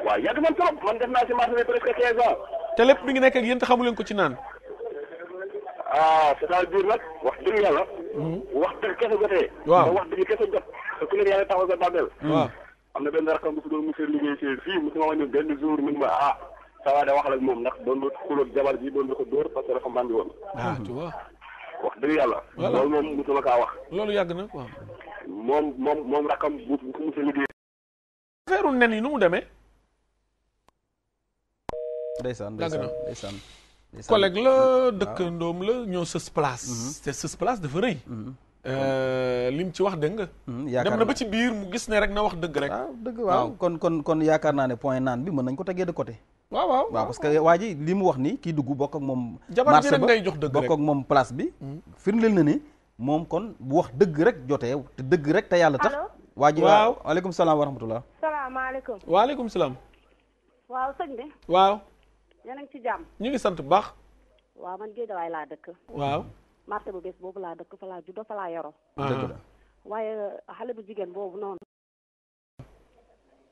waaw yàgg man trop man def naa ci marché bi presque te lépp mi ngi nekk ak yéen te xamu leen ko ci naan. ah cest biir nag wax dëgg yàlla. Hmm. wax dëgg kese jotee. wax dëgg kese jot. te yàlla taxaw sa bàmmeel. Hmm. waaw am na benn rakam bu fi doon monsieur liggéey si fii mu si ma wàññi benn jour mu ne ma ah saa wax la moom ndax doon na xulóog jabar bi doon na ko dóor parce que dafa màndi woon. Ah, wax dëgg yàlla. voilà loolu moom mosuma kaa wax. loolu yàgg na waaw. moom moom moom rakam bu bu ko monsieur liggéey. affaire nen yi nu mu demee. ndeysaan ndeysaan collègue la mmh. dëkkandoom la ñoo sës place. Mmh. te sës place dafa rëy. Mmh. Euh, lim ci wax dëgg nga. dem na ba ci biir mu gis ne rek na wax dëgg rek. waaw dëgg waaw kon kon kon yaakaar naa ne point naan bi mën nañ ko tegee de côté. waaw waaw waaw parce li mu wax ni kii dugg bokk moom. jabar ji rek jox dëgg bokk ak moom place bi. firndeel na ni moom kon bu wax dëgg rek jotee te dëgg rek te yàlla tax. waa ji waaw waaleykum salaam wa rahmatulah. salaam. waaw. yéen ngi ci jàmm. ñu ngi sant bu baax. waaw man Géejawaay laa dëkk. waaw. marché bu bees boobu laa dëkk fa laa juddoo fa laa yoroo. Ah. waaye uh, xale bu jigéen boobu noonu.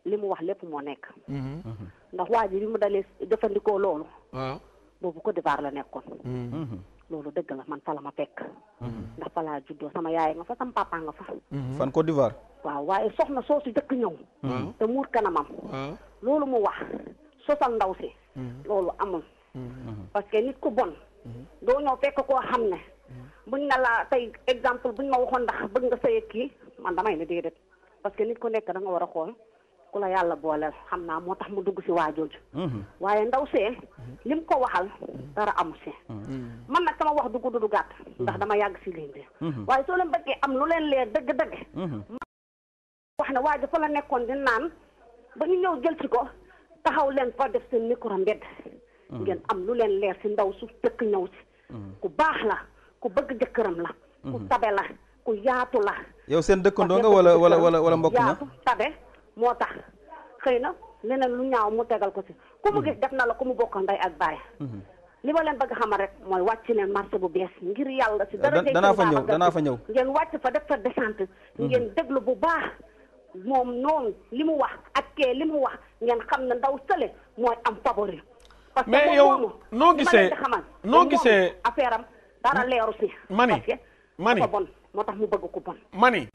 li mu wax lépp moo nekk. Mhm. Mhm. ndax waa ji bi mu dalee jëfandikoo loolu. boobu Côte d'Ivoire la nekkoon. Mhm. loolu dëgg la man fa la ma fekk. ndax fa laa juddoo sama yaay nga fa sama papa nga fa. fan Côte d'Ivoire. waaw waaye soxna soosu jëkk ñëw. te muur kanamam. loolu mu wax. sosal ndaw si mhm. loolu amul mhm. parce que nit ku bon mhm. doo ñëw fekk koo xam ne buñ na laa tey exemple buñ ma waxoon ndax bëgg nga sëy kii man damay ne déedéet parce que nit ku nekk danga war a xool ku la yàlla booleel xam naa moo tax mu dugg si waa jooju waaye ndaw see li mu ko waxal dara amu si man nag sama wax du gudd ndax dama yàgg si ligne bi waaye dëgg-dëgg wax ne waa ji la nekkoon di ba ñu ñëw jël ko taxaw leen fa def seen micro mbedd mm. ngeen am lu leen leer ci ndaw su dëkk ñëw si mm. ku baax la ku bëgg jëkkëram la ku mm-hmm. tabe la ku yaatu la yow seen dëkkandoo nga wala wala wala wala mbokk yaatu tabe moo tax xëy na leneen lu ñaaw mu tegal ko si ku mu mm-hmm. gis def na la ku mu bokkal ndey ak baay mm-hmm. li ma leen bëgg xamal rek mooy wàcc leen marché bu bees ngir yàlla si dara danaa fa ñëw danaa fa ñëw ngeen wàcc fa def fa descente ngeen déglu bu baax moom noonu li mu wax ak kee li mu wax ngeen xam ne ndaw sële mooy am favori. parce que mais yow noo gisee noo gisee affaire am dara leeru si. mani mani moo tax mu bëgg ko bon. mani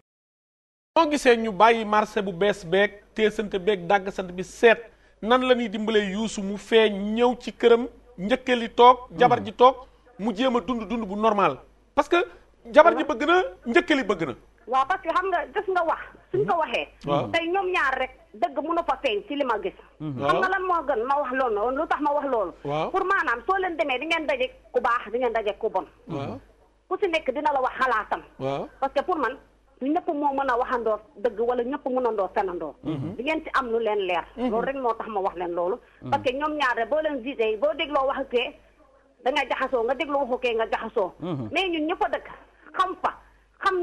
noo gisee ñu bàyyi marché bu bees beeg teesante beeg dàgg sant bi seet nan la ñuy dimbalee yuusu mu feeñ ñëw ci këram njëkkali toog. jabar ji toog mu jéem a dund dund bu normal parce que. jabar ji bëgg na njëkkali bëgg na. waaw parce que xam nga gis nga wax suñ ko waxee. Mm-hmm. tey ñoom ñaar rek dëgg mënu fa feeñ ci li ma gis. Mm-hmm. xam nga lan moo gën ma wax loolu lu tax ma wax loolu. pour maanaam soo leen demee di ngeen daje ku baax di ngeen daje ku bon. ku si nekk dina la wax xalaatam. parce que pour man du ñëpp moo mën a waxandoo dëgg wala ñëpp mënandoo fenandoo. Mm-hmm. di ngeen ci am lu leen leer. loolu rek moo tax ma wax leen loolu. parce ñoom ñaar rek boo leen gisee boo dégloo wax kee da nga jaxasoo nga dégloo waxu kee nga jaxasoo. mais ñun ñëpp a dëkk xam fa xam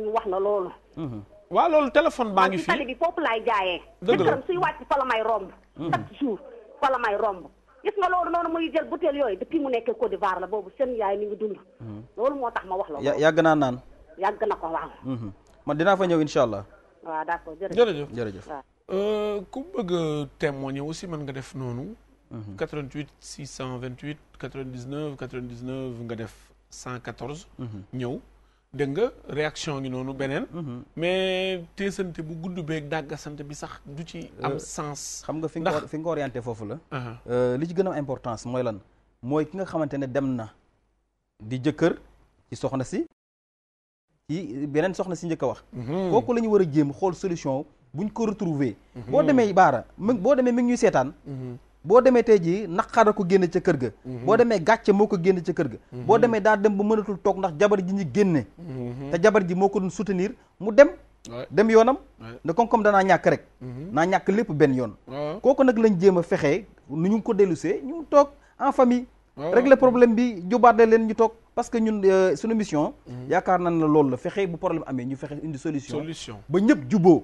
ñu wax la loolu. Mhm. waaw loolu téléphone baa ngi fii tali bi foofu laay jaayee. dëgg la suy wàcc fa la may romb. Mhm. chaque jour fa la may romb. gis nga loolu noonu muy jël butéel yooyu depuis mu nekkee Côte d'Ivoire la boobu seen yaay mi ngi dund. Mhm. loolu moo tax ma wax la. ya yàgg naa naan. yàgg na ko waaw. man dinaa fa ñëw incha allah. waaw d'accord jërëjëf jërëjëf euh, ku bëgg a témoigner aussi mën nga def noonu. 88 628 99 99 nga def 114. ñëw. dégg nga réaction ngi noonu beneen. Mhm. mais teesante bu gudd beeg dàggasante bi sax du ci euh, am sens. xam nga fi nga fi nga orienté foofu la. Euh, li ci gën a importance mooy lan mooy ki nga xamante ne dem na di jëkkër ci soxna si. ci beneen soxna si njëkk a wax. Mhm. kooku la ñu war a jéem xool solution buñ ko retrouver mhm. boo demee baara boo demee mi ñuy seetaan. boo demee tey jii naqar a ko génn ca kër ga mhm. boo demee gàcce moo ko génn ca kër ga mhm. boo demee daa dem ba mënatul toog ndax jabar ji ñu génne mhm. te jabar ji moo ko doon soutenir mu dem dem yoonam ne kon comme danaa ñàkk rek naa ñàkk lépp benn yoon kooku nag lañ jéem a fexe nu ñu ko dellusee ñu toog en famille régler problème bi jubaat jubaatde leen ñu toog parce que ñun euh, suñu mission yaakaar nañ la loolu la fexe bu problème amee ñu fexe indi solution ba ñëpp juboo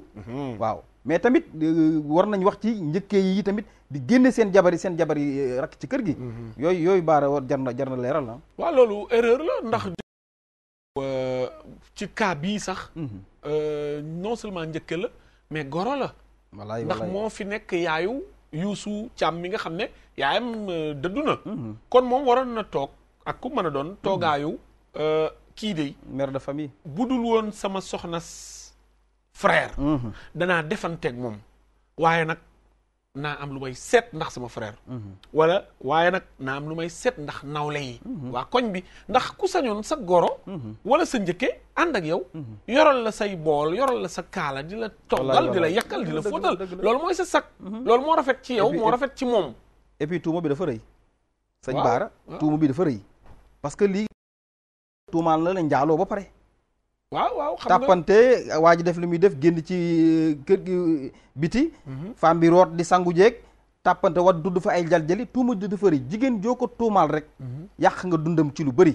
waaw mais tamit euh, war nañ wax ci njëkkee yi tamit di génne seen jabar yi seen jabar yi euh, rakk ci kër gi. Mm-hmm. yooyu yooyu baara war jar na jar leeral la ah. waa loolu erreur la ndax. Mm-hmm. Euh, ci cas bii sax. Mm-hmm. non seulement njëkke la mais goro la. wallaay ndax moo fi nekk yaayu yuusu càmm mi nga xam ne yaayam dëddu na. kon moom waroon na toog ak ku a doon. toogaayu kii de. mère de famille. budul woon sama soxna. frère. Mm-hmm. danaa defanteeg moom waaye nag naa am lu may seet ndax sama frère. Mm-hmm. wala waaye nag naa am lu may seet ndax nawle yi. Mm-hmm. waa koñ bi ndax ku sañoon sa goro. wala sa njëkke ànd ak yow. yoral la say bool yorol la sa kaala di la toggal di la yàkkal di la fóotal loolu mooy sa sak. loolu moo rafet ci yow moo rafet ci moom. et puis tuuma bi dafa rëy. sañ baara tuuma bi dafa rëy. parce que lii tuumaal na la njaaloo ba pare. waaw waaw xam nga tàppante waa ji def la muy def génn ci euh, kër gi euh, biti. Mhm. femme bi root di sangu jeeg. tàppante wat dudd fa ay jaljali tuuma dudd fa rëy jigéen joo ko tuumaal rek. Mhm. yàq nga dundam ci lu bëri.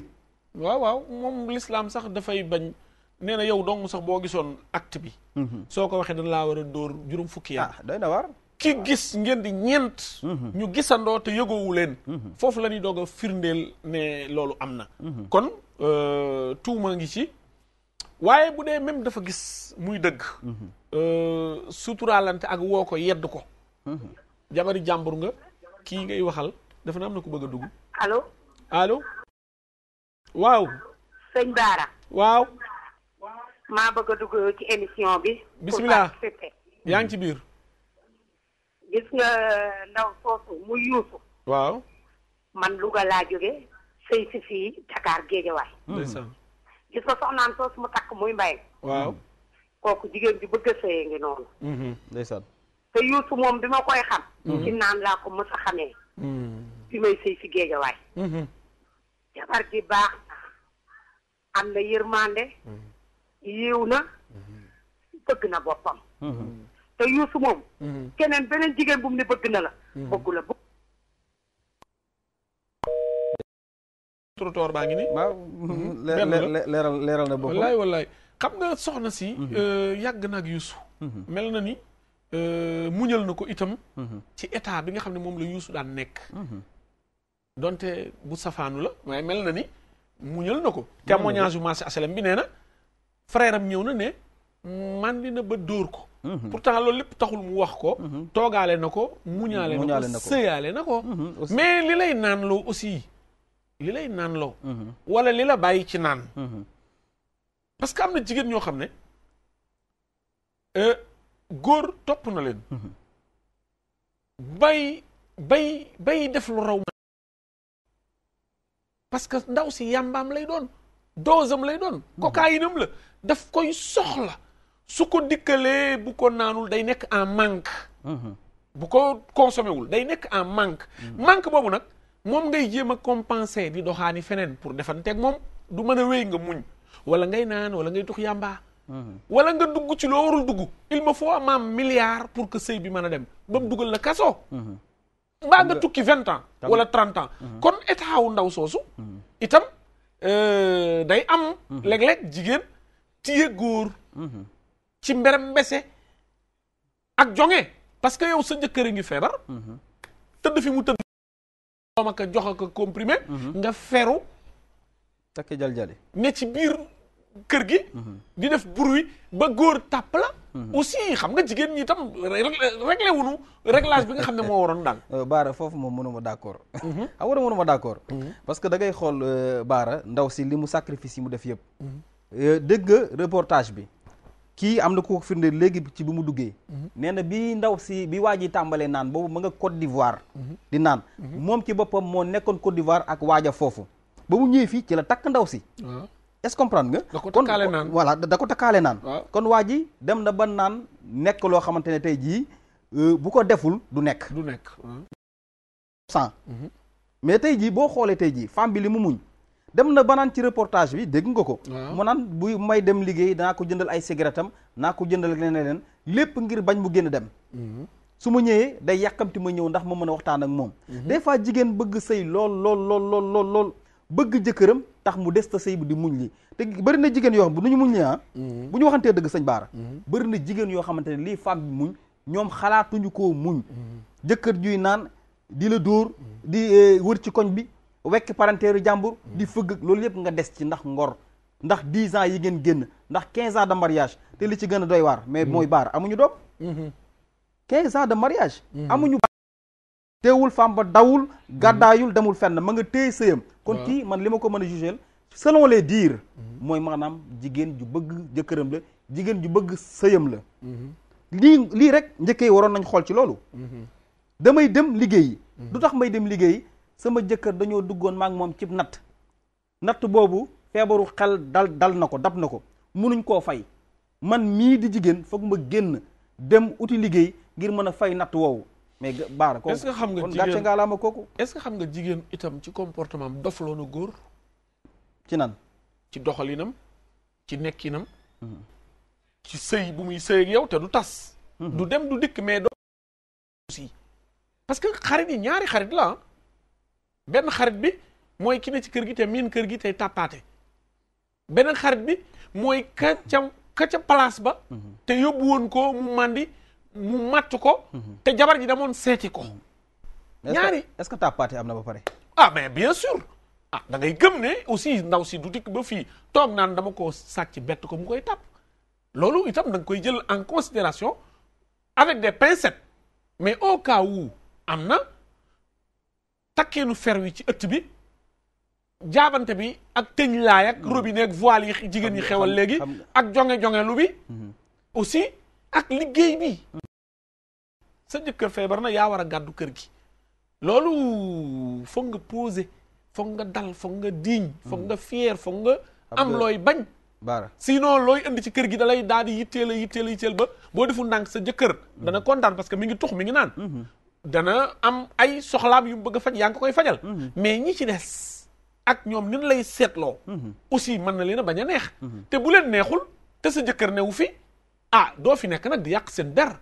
waaw waaw moom lislaam sax dafay bañ nee na yow dong sax boo gisoon act bi. Mhm. soo ko waxee dañ laa war a dóor juróom fukki yaa ah na war. ki gis ngeen di ñeent. ñu gisandoo te yëgoowu leen. foofu la ñuy doog a firndeel ne loolu am na. kon euh, tuuma ngi ci. waaye bu dee même dafa gis muy dëgg mhm. euh, suturaalante ak woo ko yedd ko mhm. jabari jàmbur nga kii ngay waxal dafa na am na ku bëgg a dugg allo allo waaw sëñ Baara waaw maa bëgg a dugg ci émission bi bismillah yaa ngi ci biir gis nga euh, ndaw soosu mu yuusu waaw man Louga laa jóge sëy si fii Dakar Géejawaay ndeysaan gis nga soxnaam soosu mu takk muy mbay. waaw kooku jigéen bi bëgg a sëyee ngi noonu. Mm-hmm. te Youssou moom bi ma koy xam. Mm-hmm. ci naan laa ko mës a xamee. bi mm-hmm. may sëy si géejawaay. jabar ji baax na am na yërmande. yiw na. bëgg na boppam. te Youssou moom. keneen beneen jigéen bu mu ne bëgg na la. bëggu la trottoir baa ngi nii. waaw mhm. leeral na boppam. wallaay wallaay xam nga soxna si. Mhm. Euh, yàgg nag ak Youssou. Mhm. mel na ni euh, muñal na ko itam. ci état bi nga xam ne moom la Youssou daan nekk. donte bu safaanu la waaye mel na ni muñal na ko. témoignage yu marché HLM bi nee na frère am ñëw na ne mandi na ba dóor ko. pourtant loolu lépp taxul mu wax ko. toogaale na ko muñaale na ko sëyaale na ko. mais li lay naan loo aussi. li lay naan loo mm-hmm. wala li la bàyyi ci naan mm-hmm. parce que am na jigéen ñoo xam ne euh, góor topp na leen mm-hmm. bay bay bay def lu raw parce que ndaw si yàmbaam lay doon doosam lay doon cocaïnam la daf koy soxla su ko dikkalee bu ko naanul day nekk en manque bu ko consommé wul day nekk en manque manque boobu nag moom ngay jéem a compenser di doxaani feneen pour defanteeg moom du mën a wéy nga muñ wala ngay naan wala ngay tux yàmbaa mhm. wala nga dugg ci loo warul dugg il me faut am am milliard pour que sëy bi mën a dem bam mu dugal la kaso mhm. mbaa nga tukki vingt ans wala trente ans mhm. kon état wu ndaw soosu itam euh, day am léeg-léeg jigéen tiye góor ci mberem mbese ak jonge parce que yow sa jëkkër a ngi feebar tëdd fi mu tëdd doom ak jox ak a comprimé mhm. nga feru takk jaljali ne ci biir kër gi mhm. di def bruit ba góor tàpp la mhm. aussi xam nga jigéen ñi tam réglé wuñu réglage bi nga xam ne moo waroon daal euh, baara foofu moom mënuma d'accord a war a mënuma d'accord parce que dangay ngay xool euh, baara ndaw si li mu sacrifice yi mu def yëpp euh, dégg nga reportage bi kii am na ku ko firnde léegi ci bi mu duggee mhm. nee na bi ndaw si bi waa ji tàmbalee naan boobu ma nga Côte d'Ivoire mhm. di naan mhm. moom ci boppam moo nekkoon Côte d'Ivoire ak waaja foofu ba mu ñëwee fii ci la takk ndaw si est-ce comprendre nga kon voilà da ko takkaale naan kon waa ji dem na ba naan nekk loo xamante ne tey jii euh, bu ko deful du nekk du nekk mais tey jii boo xoolee tey jii femme bi li mu muñ dem na banaan ci reportage bi dégg nga ko mu naan buy may dem liggéey danaa ko jëndal ay cigarette am naa ko jëndal leen lépp ngir bañ mu génn dem mhm. su ma ñëwee day yàkkamti ma ñëw ndax ma mën a waxtaan ak moom mhm. des fois jigéen bëgg sëy lool lool lool lool lool bëgg jëkkëram tax mu des ta sëy bi di muñ li te bëri na jigéen yoo xam bu nu ñu muñ li ah, mhm. bu ñu waxantee dëgg sëñ Baara bëri na jigéen yoo xamante ne lii femme bi muñ ñoom xalaatuñu koo muñ jëkkër juy naan di la dóor di eh, wër ci koñ bi wekk parenteeru jàmbur di fëgg loolu yëpp nga des ci ndax ngor ndax dix ans yi ngeen génn ndax quinze ans de mariage te li ci gën a doy waar mais mooy baar amuñu doom mhm. quinze ans de mariage mhm. amuñu baar teewul femme ba dawul mhm. gàddaayul demul fenn ma nga téye sëyam kon kii man li ma ko mën a jugeel selon les dires mooy maanaam jigéen ju bëgg jëkkëram la jigéen ju bëgg sëyam la lii lii rek njëkkee waroon nañ xool ci loolu damay dem liggéeyi lu tax may dem liggéey sama jëkkër dañoo duggoon maak moom cib natt natt boobu feebaru xel dal dal na ko dab na ko munuñ koo fay man mii di jigéen foog ma génn dem uti liggéey ngir mën a fay natt woowu mais baara kooku est xam nga jigéen kon gàcce nga laama kooku xam nga jigéen itam ci comportement am dof loonu góor ci nan ci doxalinam ci nekkinam mhm. ci sëy bu muy sëy yow te du tas mhm. du dem du dikk mais do parce que xarit ñaari xarit la ah. benn xarit bi mooy ki ci kër gi te miin kër gi tey tàppaate beneen xarit bi mooy ka ca ka ca place ba mhm. te yóbbu woon ko mu màndi mu màtt ko mhm. te jabar ji demoon seeti ko mhm. ñaari est que que tàppaate am na ba pare ah mais bien sûr ah da ngay gëm ne aussi ndaw si du dikk ba fii toog naan dama ko sàcc bett ko mu koy tap loolu itam da nga koy jël en considération avec des pincettes mais au cas am na takkeenu fer wi ci ëtt bi jaabante bi ak tëñ laay ak mm-hmm. robinet ak voile yi jigéen yi xewal léegi ak jonge lu bi mm-hmm. aussi ak liggéey bi mm-hmm. sa jëkkër feebar na yaa war a gàddu kër gi loolu foog nga posé foog nga dal foog nga diiñ foog nga fier foog nga am looy bañ baara sinon looy indi ci kër gi da lay daal di yitteel a yitteel a yitteel ba boo defu ndànk sa jëkkër dana kontaan parce que mi ngi tux mi ngi naan dana am ay soxlaam yu mu bëgg a faj yaa ngi koy fajal. Mhm. mais ñi ci des ak ñoom nin lay seetloo. Mhm. aussi mën na leen a bañ a neex. Mhm. te bu leen neexul te sa jëkkër newu fi ah doo fi nekk nag di yàq seen der.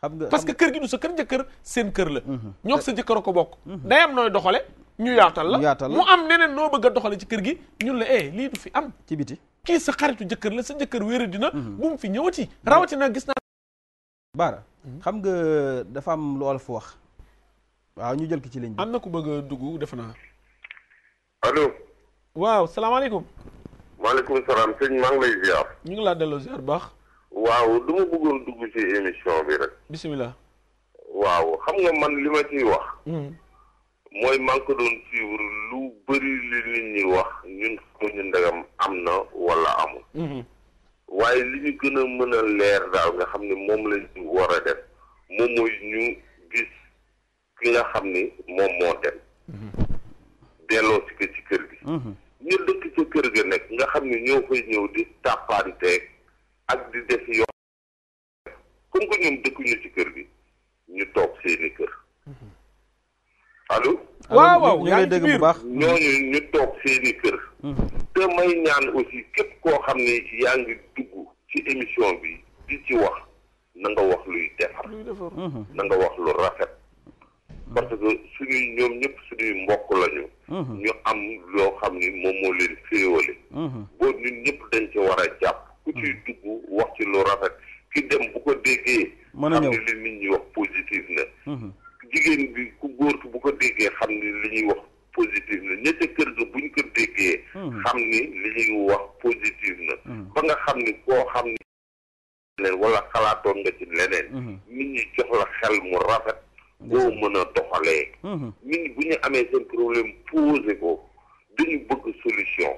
xam nga parce que kër gi du sa kër jëkkër seen kër la. ñoo sa jëkkër a ko bokk. day am nooy doxale ñu yaatal la mu am neneen noo bëgg a doxale ci kër gi ñun la eh lii du fi am. ci biti kii sa xaritu jëkkër la sa jëkkër wéeru dina. bu mu fi ñëwati rawatina gis naa. Hmm. xam nga dafa am lu olof wax. waaw ñu jël ki ci ligne bi. am na ku bëgg dugg def naa. allo. waaw salaamaaleykum. maaleykum salaam sëñ maa lay ziar. ñu ngi laa delloo ziar baax. waaw du ma bëggoon dugg ci émission bi rek. bisimilah. waaw xam nga man li ma ciy wax. Hmm. mooy maa ngi ko doon suivre lu bëri li nit ñi wax ñun xamuñu ndegam am na wala amul. Hmm. waaye li ñu gën a mën a leer daal nga xam ne moom lañ war a def moom mooy ñu gis ki nga xam ni moom moo dem mhm. delloo ci kër gi mhm. ñu dëkk ca kër gi nekk nga xam ni ñëw fay ñëw di tàppanteeg ak di def yoon comme que ñoom dëkkuñu ci kër gi ñu toog seeni kër mhm. allo. waaw waaw ñu ngi dégg bu baax ñooñu ñu toog seeni kër. Hmm. te may ñaan aussi képp koo xam ne yaa ngi dugg ci émission bi di ci wax nanga nga wax luy defar. Hmm. na nga wax lu rafet. parce que suñuy ñoom ñëpp suñuy mbokk lañu. Hmm. ñu am loo xam ni moom moo leen féewale. boobu ñun ñëpp dañ ci war a jàpp. ku ciy dugg wax ci lu rafet ki dem bu ko déggee. mën a ñëw li nit ñi wax positif na. jigéen bi ku góor ki bu ko déggee xam ni li ñuy wax positif na ña ca kër ga buñ ko déggee hmm. xam ni li ñuy wax positif na hmm. ba nga xam ni koo xam ni leneen wala xalaatoon nga ci leneen hmm. nit ñi jox la xel mu rafet boo mën a doxalee nit ñi bu ñu amee seen problème posé ko dañu bëgg solution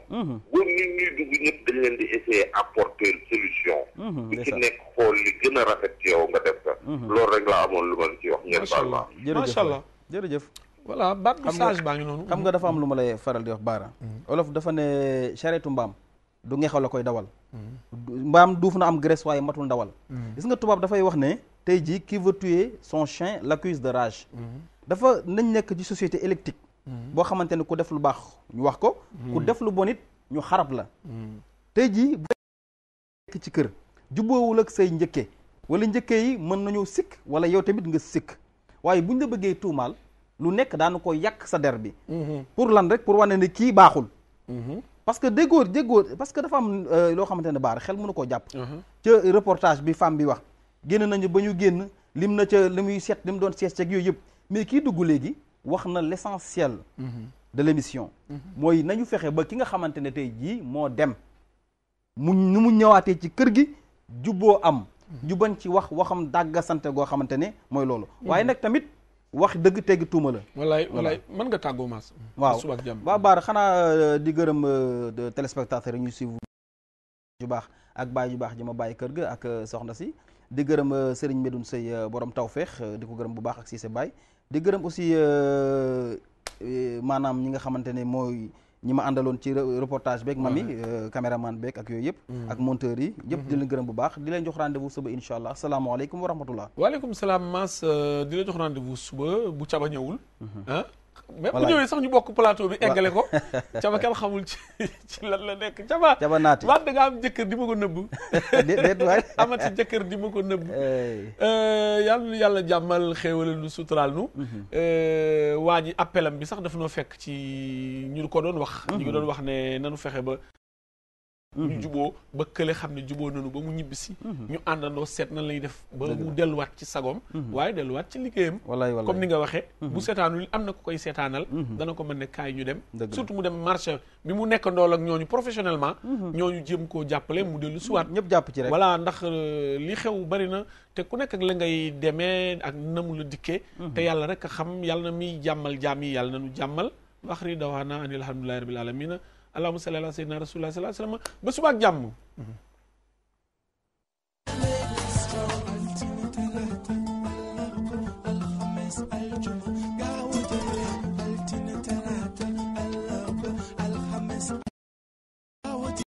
ba nit ñuy dugg ñëpp dañ leen di essayer apporter solution bu ci nekk xool li gën a rafet yow nga def Mhm. loolu rek laa amoon lu ma ci wax ñeent allah jërëjëf voilà baat baa ngi noonu xam nga dafa am lu ma lay faral di wax baara mhm. olof dafa ne charrette mbaam du ngexaw la koy dawal mhm. mbaam duuf na am graisse waaye matul ndawal gis nga tubaab dafay wax ne tey ji kii veut son chien l'accuse de rage dafa nañ nekk ci société électrique boo xamante ne ku def lu baax ñu wax ko ku def lu bon it ñu xarab la tey jii bu nekk ci kër jubboowul ak say njëkke wala njëkkee yi mën nañoo sikk wala yow tamit nga sikk waaye buñ la bëggee tuumaal lu nekk daanu ko yàq sa der bi mhm. pour lan rek pour wane ne kii baaxul mhm. parce que déggoo déggoo parce que dafa am euh, loo xamante ne baar xel mënu koo jàpp mhm. ca reportage bi femme bi wax génn nañu ba ñu génn lim na ca li muy seet li doon seet ceeg yooyu yëpp mais kii dugg léegi wax na l'essentiel de l'émission mooy nañu fexe ba ki nga xamante ne tey jii moo dem mu nu mu ñëwaatee ci kër gi jubboo am juban ci wax waxam dàggasante goo xamante ne mooy loolu waaye mhm. nag tamit wax dëgg tegg tuuma la walaay walaay mën nga tàggoo maas waaw suba ak jàmm waa baar xanaa euh, di gërëm euh, téléspectateurs yi ñu suivre ju baax ak baay yu baax ji ma bàyyi kër ga ak euh, soxna si di gërëm Serigne Medoune Seye borom tawféex di ko gërëm bu baax ak Cissé baay di gërëm aussi maanaam ñi nga xamante ne mooy ñi ma àndaloon ci reportage beeg mami euh, caméraman beeg ak yooyu yëpp mm. ak monteur yi yëpp di mm-hmm. leen gërëm bu baax di leen jox rendez-vous suba insha allah asalaamaaleykum wa rahmatullah waaleykum salaam Mass euh, di la jox rendez-vous suba bu a ñëwul mm-hmm. même bu ñëwee sax ñu bokk plateau bi eggale ko caba kenn xamul ci ci lan la nekk caba caba naati waat da nga am jëkkër di ma ko nëbb déet waay amati jëkkër di ma yàlla euh, nu yàlla jàmmal xéewale nu suturaal nu mhm. euh, waa ji appelam bi sax daf noo fekk ci ñu ko doon wax ñu ngi mhm. doon wax ne nanu fexe ba ñu mhm. juboo ba kële xam ne juboo nañu ba mu ñibbisi mhm. ñu àndandoo seet nan lañuy def ba mu delluwaat ci sagoom mhm. waaye delluwaat ci liggéeyam wallaay wallaay comme ni nga waxee bu seetaanul am na ku koy seetaanal dana ko mën ne kaay ñu dem surtout mu dem marché bi mu nekk ndool ak ñooñu professionnellement ñooñu jéem koo jàppale mu dellu suwaat ñëpp jàpp ci rek voilà ndax euh, li xew bari na te ku nekk ak la ngay demee ak namu la dikkee te yàlla rek a xam yàlla na muy jàmmal jaam yi yàlla na nu jàmmal waxri dawaana ani alhamdulilahi rabbil alamina allahumma salli ala sayyidina rasulillah sallallahu alayhi wa sallam ba suba ak jàmm